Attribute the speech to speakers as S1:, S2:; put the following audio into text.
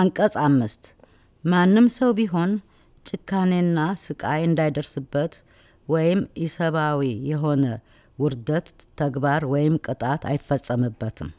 S1: አንቀጽ አምስት ማንም ሰው ቢሆን ጭካኔና ስቃይ እንዳይደርስበት ወይም ኢሰብአዊ የሆነ ውርደት ተግባር ወይም ቅጣት አይፈጸምበትም።